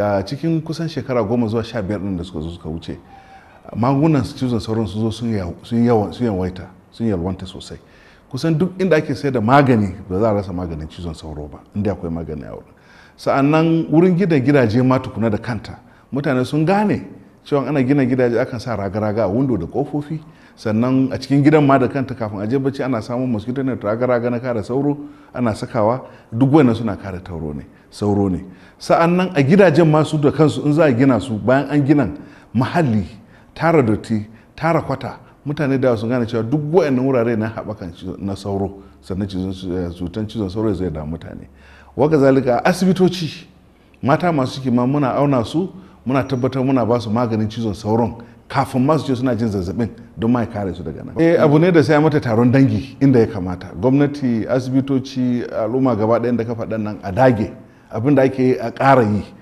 da cikin kusan shekara goma zuwa sha biyar ɗin da suka zo suka wuce magunan cizon sauron sun zo sun yawaita sun yalwanta sosai kusan duk inda ake sayar da magani ba za a rasa maganin cizon sauro ba inda akwai magani a wurin sa'annan wurin gidan gidaje ma tukuna da kanta mutane sun gane cewa ana gina gidaje akan sa raga-raga a window da kofofi sannan a cikin gidan ma da kanta kafin a je bacci ana samun mosquito net raga-raga na kare sauro ana sakawa duk wannan suna kare tauro ne sauro ne sa'annan a gidajen masu da kansu in za a gina su bayan an gina mahalli tara dotti tara kwata mutane da su gane cewa duk wayannan wurare na haɓakan na sauro sannan eh, cutan cizon sauro zai da mutane waka zalika asibitoci mata masu kima muna auna su muna tabbatar muna ba su maganin cizon sauron kafin masu ce suna jin zazzabin don ma kare su daga nan. Eh abu ne da sai mata taron dangi inda ya kamata. Gwamnati, asibitoci, al'umma gaba ɗayan da ka faɗan nan a dage abin da ake a ƙara yi.